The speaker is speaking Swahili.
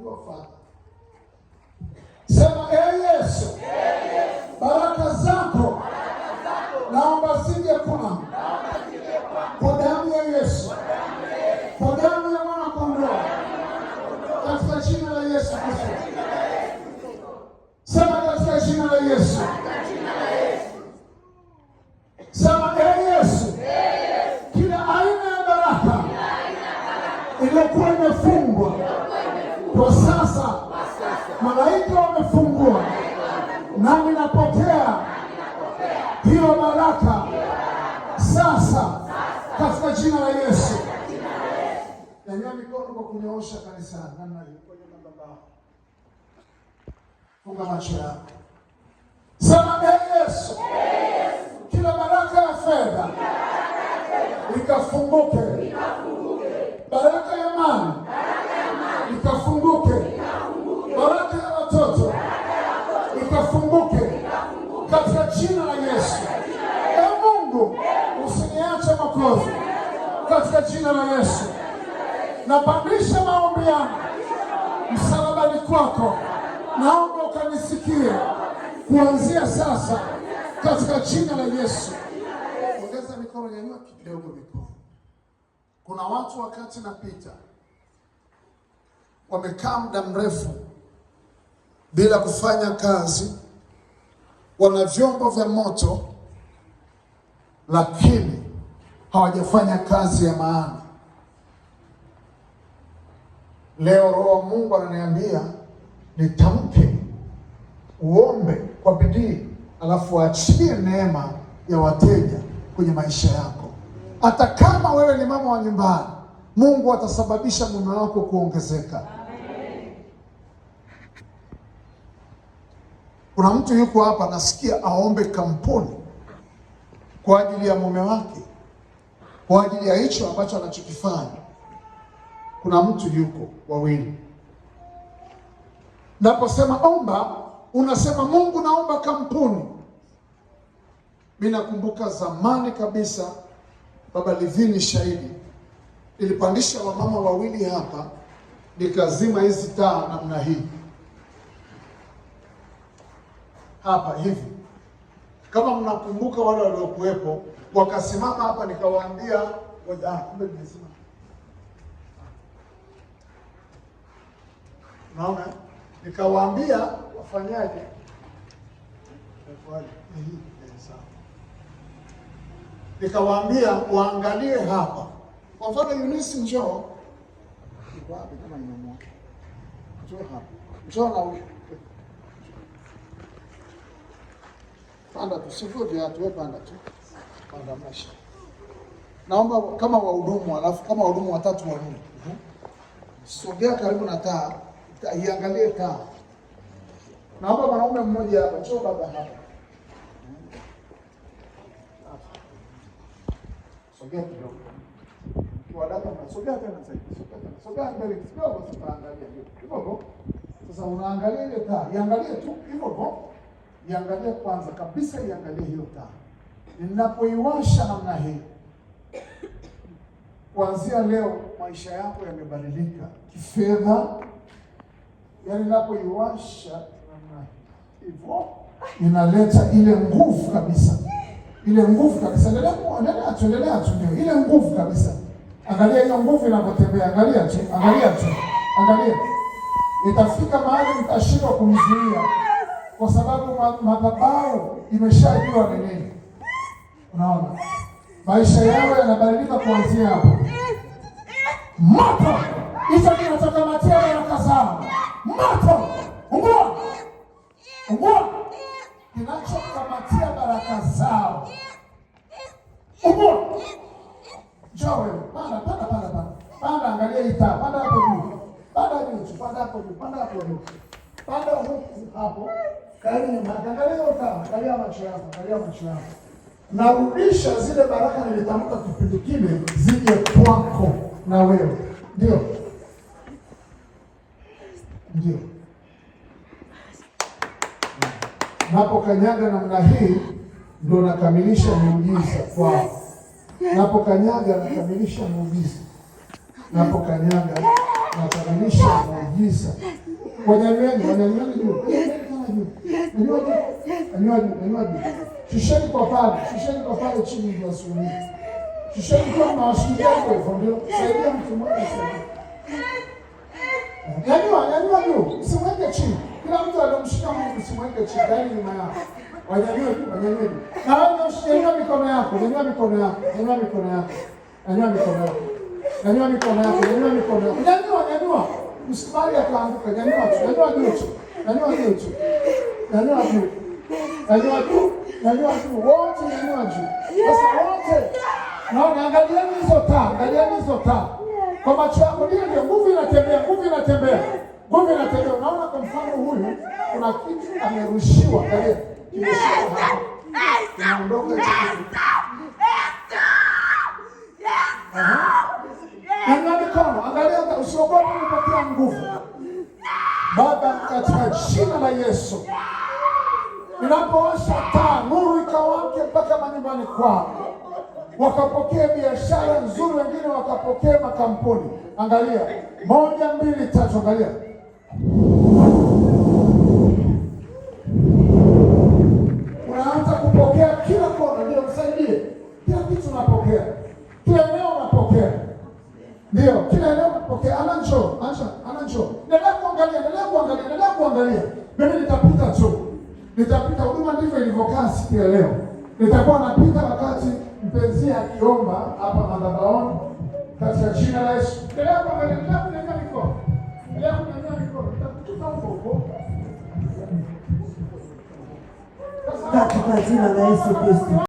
uliofanya. Sema ee Yesu, baraka zako naomba zije kwangu kwa damu ya Yesu, kwa damu ya mwana kondoo, katika jina la Yesu Kristo. Sema katika jina la Yesu. Sema ee Yesu, kila aina ya baraka iliyokuwa imefungwa kwa sasa malaika wamefungwa nami napokea hiyo baraka sasa katika jina la Yesu. Nanyua mikono kwa kunyoosha kanisa namna hiyo. Funga macho yako. Sema ee Yesu, kila baraka ya fedha ikafunguke wokovu katika jina la Yesu. Napandisha maombi yangu msalabani kwako, naomba ukanisikie kuanzia sasa katika jina la Yesu. Ongeza mikono, nyanyua kidogo mikono. Kuna watu wakati napita wamekaa muda mrefu bila kufanya kazi, wana vyombo vya moto lakini hawajafanya kazi ya maana. Leo Roho Mungu ananiambia nitamke, uombe kwa bidii, alafu achie neema ya wateja kwenye maisha yako. Hata kama wewe ni mama wa nyumbani, Mungu atasababisha mume wako kuongezeka. Kuna mtu yuko hapa, nasikia aombe kampuni kwa ajili ya mume wake kwa ajili ya hicho ambacho anachokifanya. Kuna mtu yuko wawili. Naposema omba, unasema Mungu, naomba kampuni. Mimi nakumbuka zamani kabisa, baba Livini Shahidi, nilipandisha wamama wawili hapa, nikazima hizi taa namna hii hapa hivi kama mnakumbuka wale waliokuwepo wakasimama hapa, nikawaambia ah, kumbe nimesimama. Unaona, nikawaambia wafanyaje, nikawaambia waangalie hapa. Kwa mfano, Yunisi njoo, njoo hapa, njoo na huyu Panda tu, sivyo viatu, wewe panda tu, panda maisha. Naomba kama wahudumu, alafu kama wahudumu watatu wa wanne, mhm. sogea karibu na taa, ta, iangalie taa. Naomba mwanaume mmoja hapa, choo baba hapa, sogea kidogo, wadada, sogea tena zaidi, sogea mbele kidogo, sasa unaangalia ile taa, iangalie tu hivyo hivyo iangalie kwanza kabisa, iangalie hiyo taa. Ninapoiwasha namna hii kuanzia leo maisha yako yamebadilika kifedha. Yaani ninapoiwasha namna hivyo, inaleta ile nguvu kabisa, ile nguvu kabisa. Endelea tu, endelea tu, ndio ile nguvu kabisa. Angalia hiyo nguvu inapotembea, angalia tu, angalia tu, angalia, itafika mahali mtashindwa kumzuia kwa sababu madhabahu imeshajua ni nini. Unaona, maisha yao yanabadilika kuanzia hapo. Moto hicho kinachokamatia baraka zao, moto ungua, ungua, kinachokamatia baraka zao, ungua. Njoo wewe, panda, panda, panda, panda, panda, angalia hii taa, panda hapo juu, panda juu, panda hapo juu, panda hapo juu, panda huku hapo Karima, yaani angalia utamu, angalia macho yako, angalia macho yako. Narudisha zile baraka nilitamka kipindi kile zije kwako na wewe. Ndio. Ndio. Napokanyaga namna hii ndo nakamilisha muujiza kwao. Napokanyaga nakamilisha muujiza. Napokanyaga nakamilisha muujiza. Wanyanyweni, wanyanyweni juu. Shusheni kwa pale, shusheni kwa pale chini ndio asubuhi. Shusheni kwa mawasiliano yako hivyo ndio saidia mtu mmoja sana. Yanyua, yanyua yaani, juu, usimweke chini. Kila mtu alomshika Mungu usimweke chini, yaani nyuma yako. Wanyanyue juu, wanyanyue juu. Na wewe usinyanyua mikono yako, nyanyua mikono yako, nyanyua mikono yako. Nyanyua mikono yako. Nyanyua mikono yako, nyanyua mikono yako. Nyanyua, nyanyua. Usikubali akaanguka, nyanyua tu, nyanyua juu. Nyanyua juu tu. Nyanyua juu. Nyanyua juu. Nyanyua juu. Wote nyanyua juu. Sasa wote. Naona angalieni hizo taa, angalieni hizo taa. Kwa macho yako ndio ndio nguvu inatembea, nguvu inatembea. Nguvu inatembea. Unaona kwa mfano huyu kuna kitu amerushiwa kale. mikono, angalia usiogope kupatia nguvu. Baba, katika jina la Yesu, ninapoosha taa, nuru ikawake mpaka manyumbani kwao, wakapokea biashara nzuri, wengine wakapokea makampuni. Angalia moja, mbili, tatu, angalia unaanza kupokea kila kona, ndio msaidie, kila kitu unapokea, kila eneo unapokea, ndio kila eneo unapokea. Ana njoo, acha angalia, mimi yaani nitapita tu, nitapita. Huduma ndivyo ilivyokaa siku ya leo. Nitakuwa napita wakati mpenzi akiomba hapa madhabahuni, katika jina la Yesu. Katika jina la Yesu Kristo.